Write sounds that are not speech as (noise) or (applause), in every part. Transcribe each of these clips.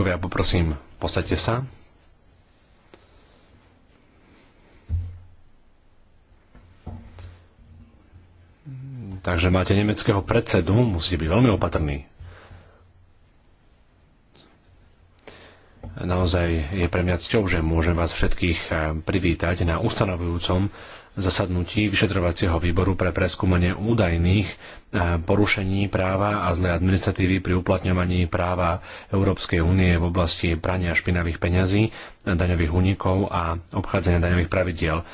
Kolegovia, poprosím, posaďte sa. Takže máte nemeckého predsedu, musíte byť veľmi opatrní. Naozaj je pre mňa cťou, že môžem vás všetkých eh, privítať na ustanovujúcom zasadnutí vyšetrovacieho výboru pre preskúmanie údajných e, porušení práva a zlej administratívy pri uplatňovaní práva Európskej únie v oblasti prania špinavých peňazí, daňových únikov a obchádzania daňových pravidiel. E,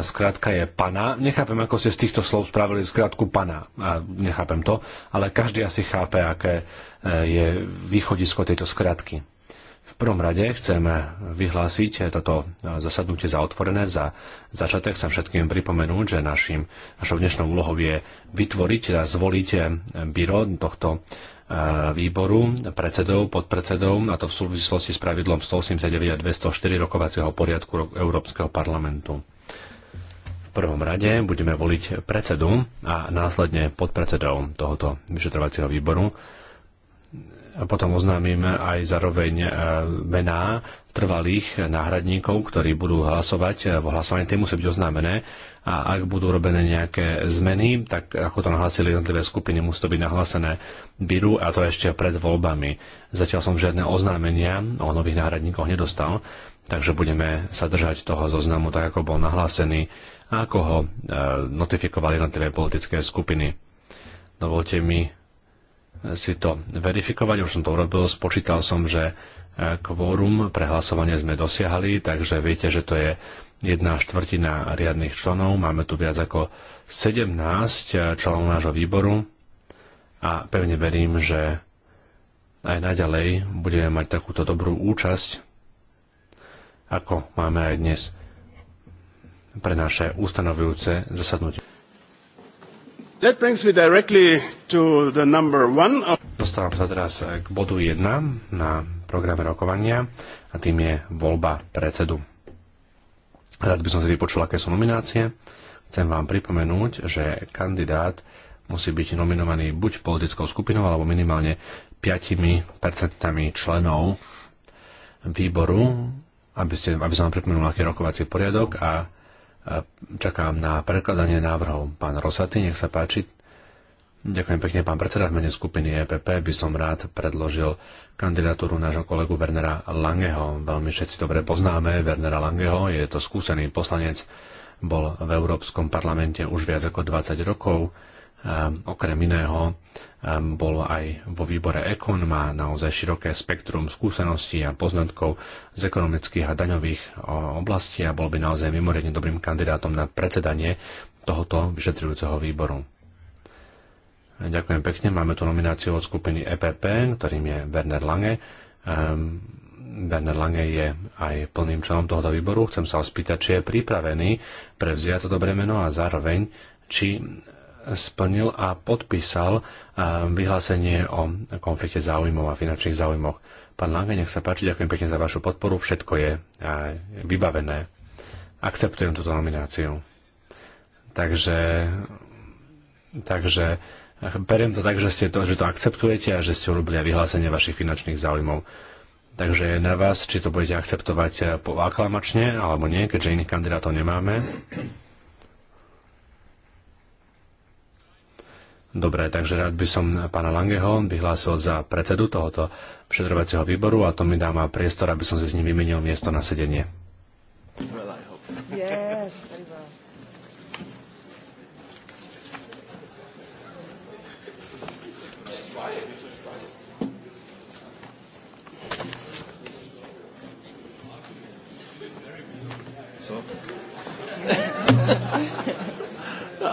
skrátka je pana. Nechápem, ako ste z týchto slov spravili skrátku pana. A nechápem to, ale každý asi chápe, aké e, je východisko tejto skratky. V prvom rade chcem vyhlásiť toto zasadnutie za otvorené. Za začiatok chcem všetkým pripomenúť, že našim, našou dnešnou úlohou je vytvoriť a zvoliť byro tohto e, výboru, predsedov, podpredsedov, a to v súvislosti s pravidlom 189 a 204 rokovacieho poriadku Európskeho parlamentu. V prvom rade budeme voliť predsedu a následne podpredsedov tohoto vyšetrovacieho výboru potom oznámime aj zároveň e, mená trvalých náhradníkov, ktorí budú hlasovať. E, v hlasovaní tie musí byť oznámené a ak budú robené nejaké zmeny, tak ako to nahlasili jednotlivé skupiny, musí to byť nahlasené byru a to ešte pred voľbami. Zatiaľ som žiadne oznámenia o nových náhradníkoch nedostal, takže budeme sa držať toho zoznamu tak, ako bol nahlásený a ako ho e, notifikovali jednotlivé politické skupiny. Dovolte mi si to verifikovať. Už som to urobil, spočítal som, že e, kvórum pre hlasovanie sme dosiahli, takže viete, že to je jedna štvrtina riadnych členov. Máme tu viac ako 17 e, členov nášho výboru a pevne verím, že aj naďalej budeme mať takúto dobrú účasť, ako máme aj dnes pre naše ustanovujúce zasadnutie. That brings me directly to the number one. Dostávam sa teraz k bodu 1 na programe rokovania a tým je voľba predsedu. Rád by som si vypočul, aké sú nominácie. Chcem vám pripomenúť, že kandidát musí byť nominovaný buď politickou skupinou alebo minimálne 5% členov výboru, aby, ste, aby som vám pripomenul, aký je rokovací poriadok a Čakám na prekladanie návrhov. Pán Rosaty, nech sa páči. Ďakujem pekne, pán predseda. V mene skupiny EPP by som rád predložil kandidatúru nášho kolegu Wernera Langeho. Veľmi všetci dobre poznáme Wernera Langeho. Je to skúsený poslanec, bol v Európskom parlamente už viac ako 20 rokov Ehm, okrem iného ehm, bol aj vo výbore Ekon, má naozaj široké spektrum skúseností a poznatkov z ekonomických a daňových oblastí a bol by naozaj mimoriadne dobrým kandidátom na predsedanie tohoto vyšetrujúceho výboru. Ďakujem pekne. Máme tu nomináciu od skupiny EPP, ktorým je Werner Lange. Ehm, Werner Lange je aj plným členom tohoto výboru. Chcem sa ospýtať, či je pripravený prevziať toto bremeno a zároveň, či splnil a podpísal vyhlásenie o konflikte záujmov a finančných záujmoch. Pán Lange, nech sa páči, ďakujem pekne za vašu podporu, všetko je vybavené. Akceptujem túto nomináciu. Takže, takže beriem to tak, že, ste to, že to akceptujete a že ste urobili vyhlásenie vašich finančných záujmov. Takže je na vás, či to budete akceptovať e, po aklamačne alebo nie, keďže iných kandidátov nemáme. Dobre, takže rád by som pána Langeho vyhlásil za predsedu tohoto všetrovacieho výboru a to mi dáva priestor, aby som si s ním vymenil miesto na sedenie.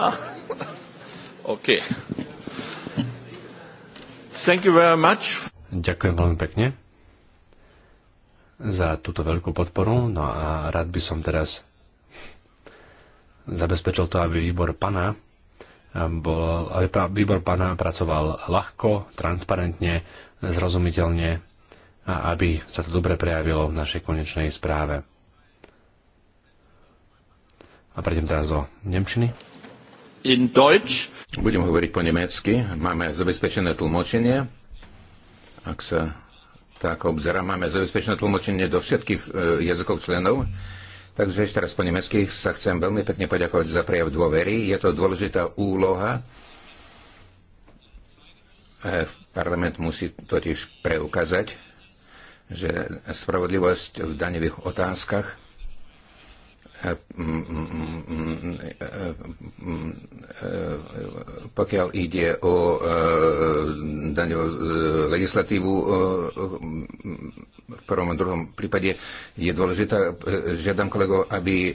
(laughs) okay. Thank you very much. Ďakujem veľmi pekne za túto veľkú podporu. No a rád by som teraz zabezpečil to, aby výbor pana ehm, bol, aby výbor pana pracoval ľahko, transparentne, zrozumiteľne a aby sa to dobre prejavilo v našej konečnej správe. A prejdem teraz do Nemčiny. In Deutsch budem hovoriť po nemecky. Máme zabezpečené tlmočenie. Ak sa tak obzera, máme zabezpečené tlmočenie do všetkých e, jazykov členov. Takže ešte raz po nemecky sa chcem veľmi pekne poďakovať za prejav dôvery. Je to dôležitá úloha. E, parlament musí totiž preukázať, že spravodlivosť v daňových otázkach pokiaľ ide o e, daňovú e, legislatívu, e, v prvom a druhom prípade je dôležité, žiadam kolego, aby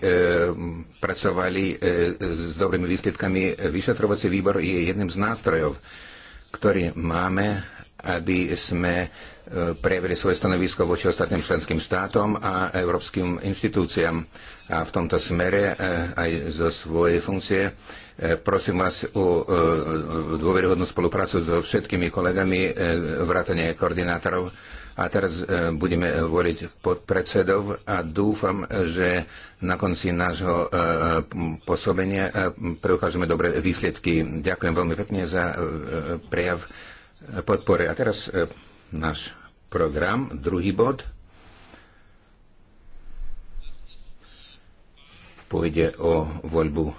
pracovali s dobrými výsledkami. Vyšetrovací výbor je jedným z nástrojov, ktorý máme aby sme e, prejavili svoje stanovisko voči ostatným členským štátom a európskym inštitúciám. A v tomto smere e, aj zo svojej funkcie e, prosím vás o dôveryhodnú spoluprácu so všetkými kolegami, vrátane koordinátorov. A teraz budeme voliť podpredsedov a dúfam, že na konci nášho pôsobenia preukážeme dobré výsledky. Ďakujem veľmi pekne za prejav podpore. A teraz e, náš program, druhý bod. Pôjde o voľbu e,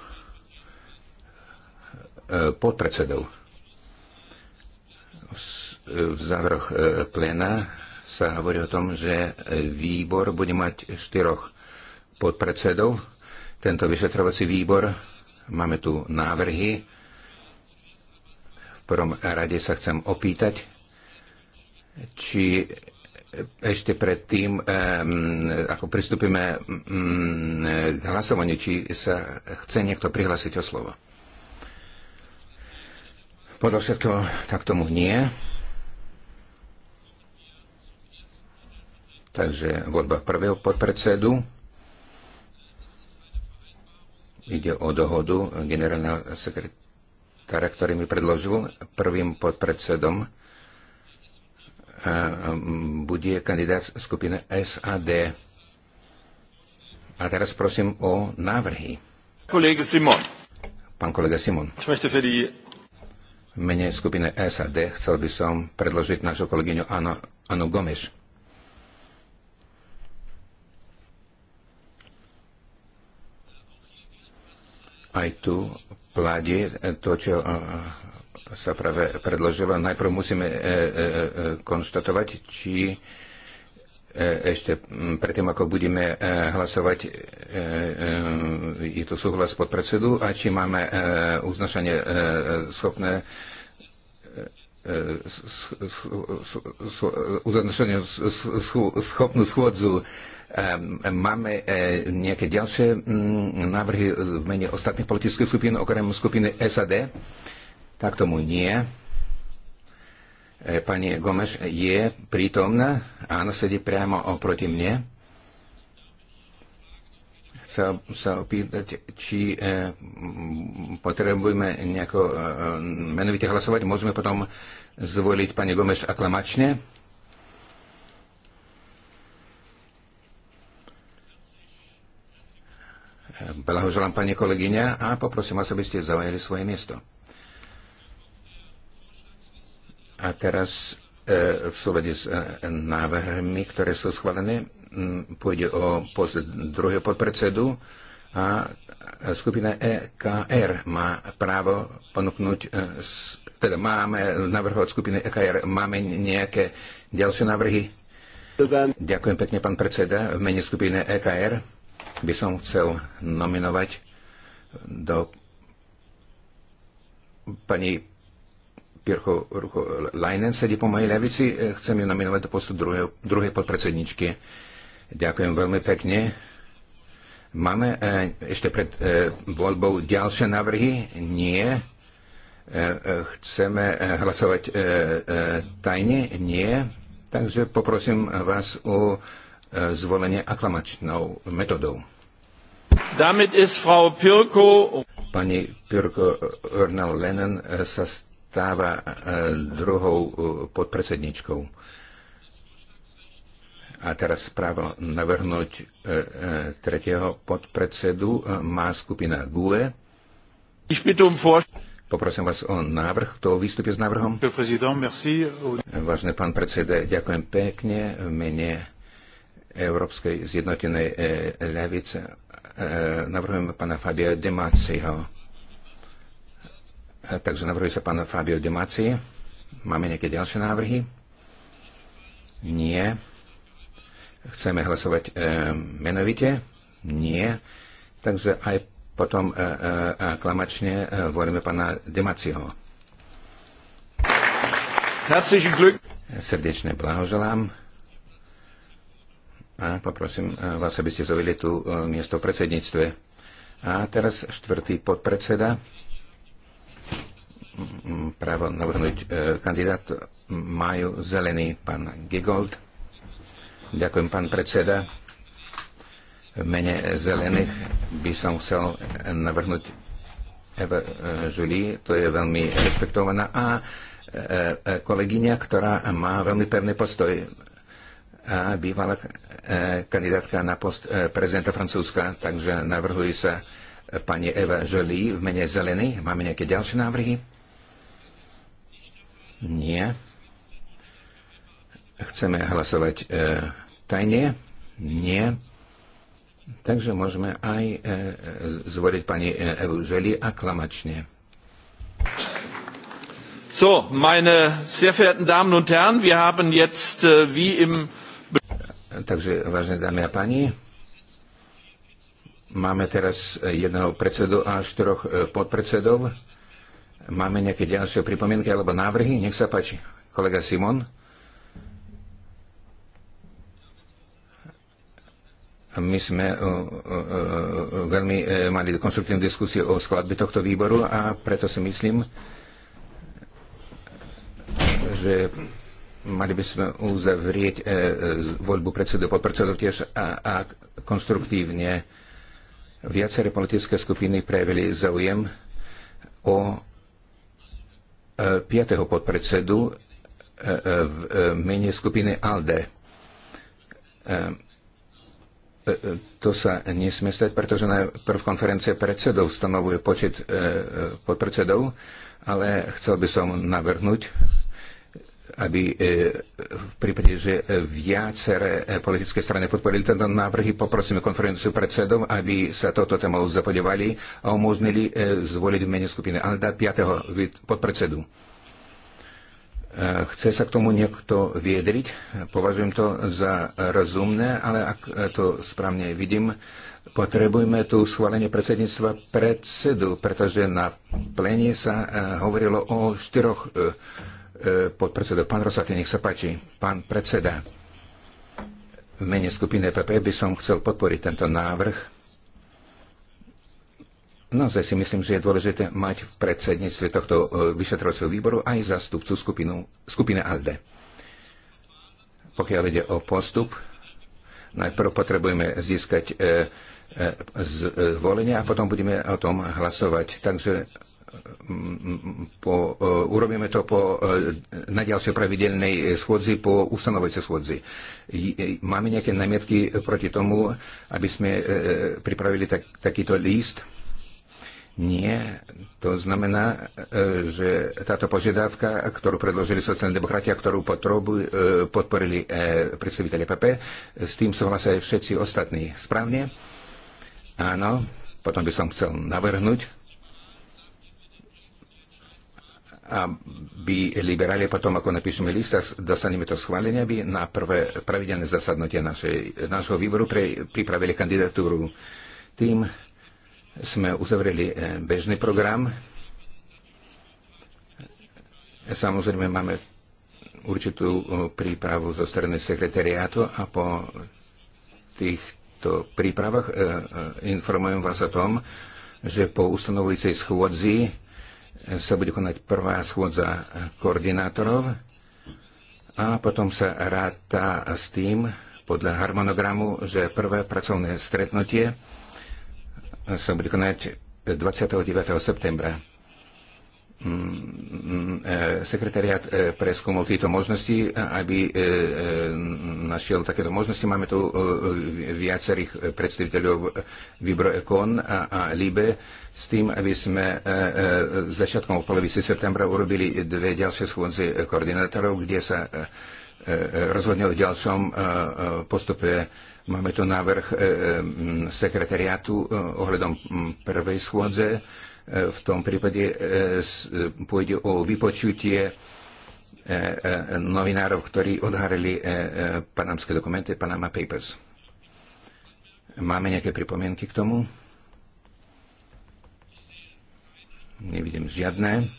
podpredsedov. V závroch e, plena sa hovorí o tom, že výbor bude mať štyroch podpredsedov. Tento vyšetrovací výbor, máme tu návrhy, prvom rade sa chcem opýtať, či ešte predtým, ako pristúpime k hlasovaniu, či sa chce niekto prihlásiť o slovo. Podľa všetko tak tomu nie. Takže voľba prvého podpredsedu. Ide o dohodu generálneho sekretára Tara, ktorý mi predložil prvým podpredsedom, e, bude kandidát skupiny SAD. A teraz prosím o návrhy. Kolega Simon. Pán kolega Simon. mene skupiny SAD chcel by som predložiť našu kolegyňu Anu, Anu Gomeš. Aj tu Vláde to, čo sa práve predložilo. Najprv musíme e, e, e, konštatovať, či ešte predtým, ako budeme hlasovať, je to súhlas podpredsedu a či máme uznašanie schopné uzavršenia schopnú schôdzu. Máme e, nejaké ďalšie návrhy v mene ostatných politických skupín, okrem skupiny SAD? Tak tomu nie. E, pani Gomeš je prítomná, áno, sedí priamo oproti mne chcel sa opýtať, či e, potrebujeme nejako e, menovite hlasovať. Môžeme potom zvoliť pani Gomeš aklamačne. Blahoželám pani kolegyňa a poprosím vás, aby ste zaujali svoje miesto. A teraz e, v súvede s e, návrhmi, ktoré sú schválené, pôjde o post druhého podpredsedu a skupina EKR má právo ponúknuť, e, teda máme návrh od skupiny EKR, máme nejaké ďalšie návrhy? Ďakujem pekne, pán predseda. V mene skupiny EKR by som chcel nominovať do pani Pirko Rucho Leinen sedí po mojej ľavici. Chcem ju nominovať do postu druhej podpredsedničky Ďakujem veľmi pekne. Máme e, ešte pred e, voľbou ďalšie návrhy? Nie. E, chceme hlasovať tajne? Nie. Takže poprosím vás o zvolenie aklamačnou metodou. Damit ist Frau Pirko... Pani Pirko Örnal Lennon sa stáva druhou podpredsedničkou. A teraz právo navrhnúť e, e, tretieho podpredsedu e, má skupina GUE. Um Poprosím vás o návrh. Kto vystúpi s návrhom? Vážne pán predseda, ďakujem pekne v mene Európskej zjednotenej ľavice. Navrhujem pána Fabia Demaciho. Takže navrhuje sa pána Fabio Demaci. Máme nejaké ďalšie návrhy? Nie. Chceme hlasovať eh, menovite? Nie. Takže aj potom e, volíme pána Demaciho. Srdečne blahoželám. A poprosím vás, aby ste zovili tu miesto v predsedníctve. A teraz štvrtý podpredseda. Mm, mm, právo navrhnúť kandidát majú zelený pán Gigold. Ďakujem, pán predseda. V mene zelených by som chcel navrhnúť Eva e, Žuli, to je veľmi rešpektovaná a e, e, kolegyňa, ktorá má veľmi pevný postoj a bývala kandidátka na post prezidenta Francúzska, takže navrhuje sa pani Eva Žolí v mene Zelený. Máme nejaké ďalšie návrhy? Nie. Chceme hlasovať e, tajne? Nie. Takže môžeme aj e, zvoliť pani e, Evu Želi a klamačne. So, meine sehr verehrten Damen und Herren, wir haben jetzt äh, wie im... Takže, vážne dámy a páni, máme teraz e, jedného predsedu a štyroch e, podpredsedov. Máme nejaké ďalšie pripomienky alebo návrhy? Nech sa páči, kolega Simon. My sme e, e, e, veľmi mali konstruktívnu diskusiu o skladbe tohto výboru a preto si myslím, že mali by sme uzavrieť voľbu predsedu a podpredsedov tiež a, a konstruktívne. Viaceré politické skupiny prejavili záujem o piatého podpredsedu v mene skupiny ALDE. E, e, to sa nesmie stať, pretože najprv konferencia predsedov stanovuje počet e, podpredsedov, ale chcel by som navrhnúť, aby v prípade, že viaceré politické strany podporili tento návrhy, poprosíme konferenciu predsedov, aby sa toto témou zapodevali a umožnili zvoliť v mene skupiny Alda 5. podpredsedu. Eh, chce sa k tomu niekto viedriť? Považujem to za rozumné, ale ak eh, to správne vidím, potrebujeme tu schválenie predsedníctva predsedu, pretože na plenie sa eh, hovorilo o štyroch podpredsedov. Pán Rosati, nech sa páči. Pán predseda, v mene skupiny PP e by som chcel podporiť tento návrh Naozaj si myslím, že je dôležité mať v predsedníctve tohto e, vyšetrovacieho výboru aj zastupcu skupinu, skupiny ALDE. Pokiaľ ide o postup, najprv potrebujeme získať e, e, e zvolenie a potom budeme o tom hlasovať. Takže mm, mm, po, e, urobíme to po, na ďalšej pravidelnej schôdzi, po ustanovujúcej schôdzi. Máme nejaké námietky proti tomu, aby sme pripravili tak, takýto list? Nie, to znamená, e, že táto požiadavka, ktorú predložili sociálne demokrati a ktorú potrobu, e, podporili e, predstaviteľe PP, s tým súhlasia aj všetci ostatní. Správne? Áno, potom by som chcel navrhnúť, aby liberáli potom, ako napíšeme list a dostaneme to schválenie, aby na prvé pravidelné zasadnutie našej, našho výboru pre, pripravili kandidatúru tým, sme uzavreli e, bežný program. Samozrejme máme určitú e, prípravu zo strany sekretariátu a po týchto prípravách e, informujem vás o tom, že po ustanovujúcej schôdzi sa bude konať prvá schôdza koordinátorov a potom sa ráta s tým podľa harmonogramu, že prvé pracovné stretnutie sa bude konať 29. septembra. Mm, mm, mm, e, sekretariat e, preskúmol tieto možnosti, e, aby našiel takéto možnosti. Máme tu viacerých predstaviteľov Vibro Econ a, a Libe s tým, aby sme začiatkom v polovici septembra urobili dve ďalšie schôdze koordinátorov, kde sa E, e, rozhodne o ďalšom e, postupe. Máme tu návrh sekretariátu ohľadom prvej schôdze. V tom prípade pôjde o vypočutie novinárov, ktorí odhárali panamské dokumenty, Panama Papers. Máme nejaké pripomienky k tomu? Nevidím žiadne.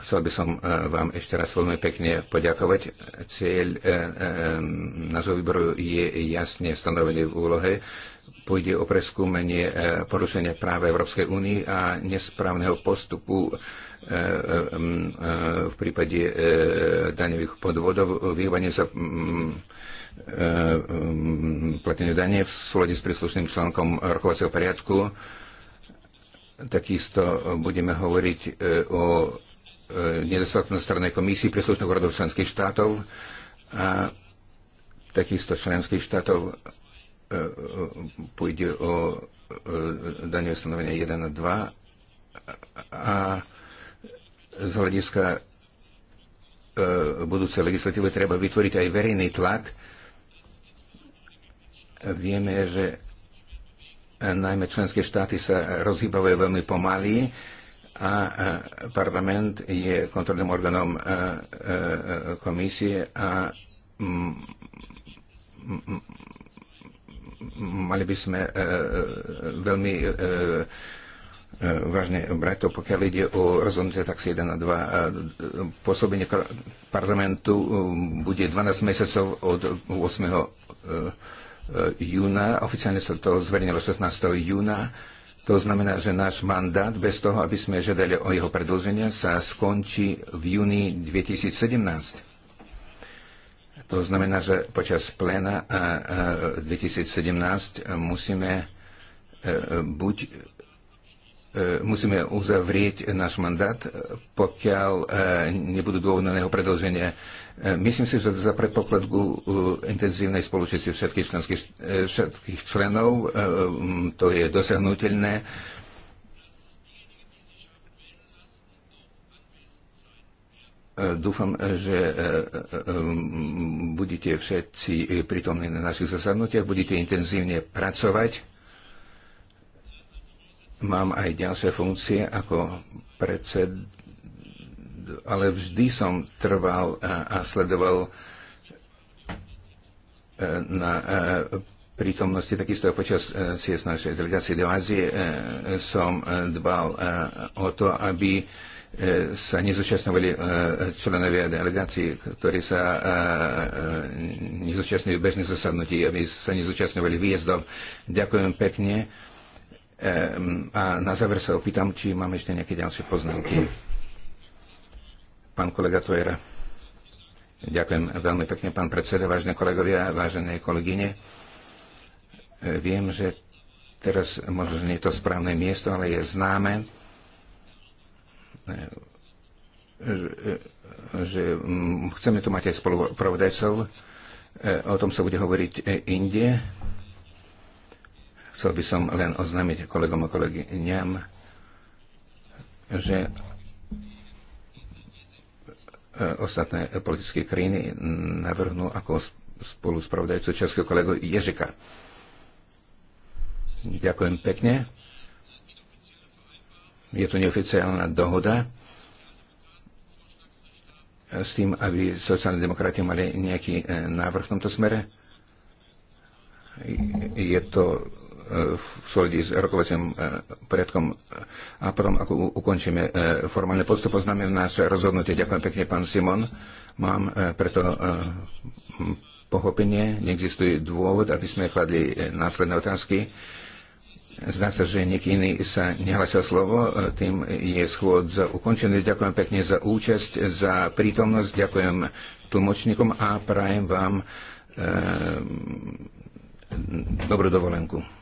Chcel by som e, vám ešte raz veľmi pekne poďakovať. Cieľ e, e, nášho výboru je jasne stanovený v úlohe. Pôjde o preskúmenie porušenia práva Európskej únie a nesprávneho postupu v prípade daňových podvodov, vyhovanie sa platenie dane v súlade s príslušným článkom rokovacieho poriadku. Takisto budeme hovoriť o E, nedostatku na strane komisii príslušných úradov členských štátov a takisto členských štátov e, e, pôjde o danie stanovenia 1 a 2 a z hľadiska budúcej legislatívy treba vytvoriť aj verejný tlak. Vieme, že najmä členské štáty sa rozhýbavajú veľmi pomaly a e, parlament je kontrolným orgánom e, e, komisie a mali by sme veľmi vážne brať to, pokiaľ ide o rozhodnutie taxi 1 a 2. Pôsobenie parlamentu bude 12 mesiacov od 8. júna. Oficiálne sa to zverejnilo 16. júna to znamená, že náš mandát, bez toho, aby sme žiadali o jeho predlženie, sa skončí v júni 2017. To znamená, že počas pléna 2017 musíme e, e, buď E, musíme uzavrieť náš mandát, e, pokiaľ e, nebudú dôvodné jeho predlženia. Myslím si, že za predpokladku intenzívnej spolučnosti všetkých, všetkých členov to je dosiahnutelné. Dúfam, že budete všetci prítomní na našich zasadnutiach, budete intenzívne pracovať Mám aj ďalšie funkcie ako predsed, ale vždy som trval a, e, a sledoval e, na e, prítomnosti takisto počas siest našej delegácie do Ázie som dbal o to, aby sa nezúčastňovali členovia delegácií, ktorí sa nezúčastňujú bežných zasadnutí, aby sa nezúčastňovali výjezdov. Ďakujem pekne. A na záver sa opýtam, či máme ešte nejaké ďalšie poznámky. Pán kolega Tojera. Ďakujem veľmi pekne, pán predseda, vážne kolegovia, vážené kolegyne. Viem, že teraz možno nie je to správne miesto, ale je známe, že chceme tu mať aj spolupravodajcov. O tom sa bude hovoriť e, Indie Chcel by som len oznámiť kolegom a kolegyňam, že e, ostatné politické krajiny navrhnú ako spolu spravodajcu českého kolegu Ježika. Ďakujem pekne. Je to neoficiálna dohoda e, s tým, aby sociálne demokrati mali nejaký e, návrh v tomto smere. Je to v súlade s rokovacím e, poriadkom a potom, ako ukončíme e, formálne postup, oznámim naše rozhodnutie. Ďakujem pekne, pán Simon. Mám e, preto pochopenie, neexistuje dôvod, aby sme kladli následné otázky. Zdá sa, že nik iný sa nehlasil slovo, tým je schôd za ukončený. Ďakujem pekne za účasť, za prítomnosť, ďakujem tlmočníkom a prajem vám e, dobrú dovolenku.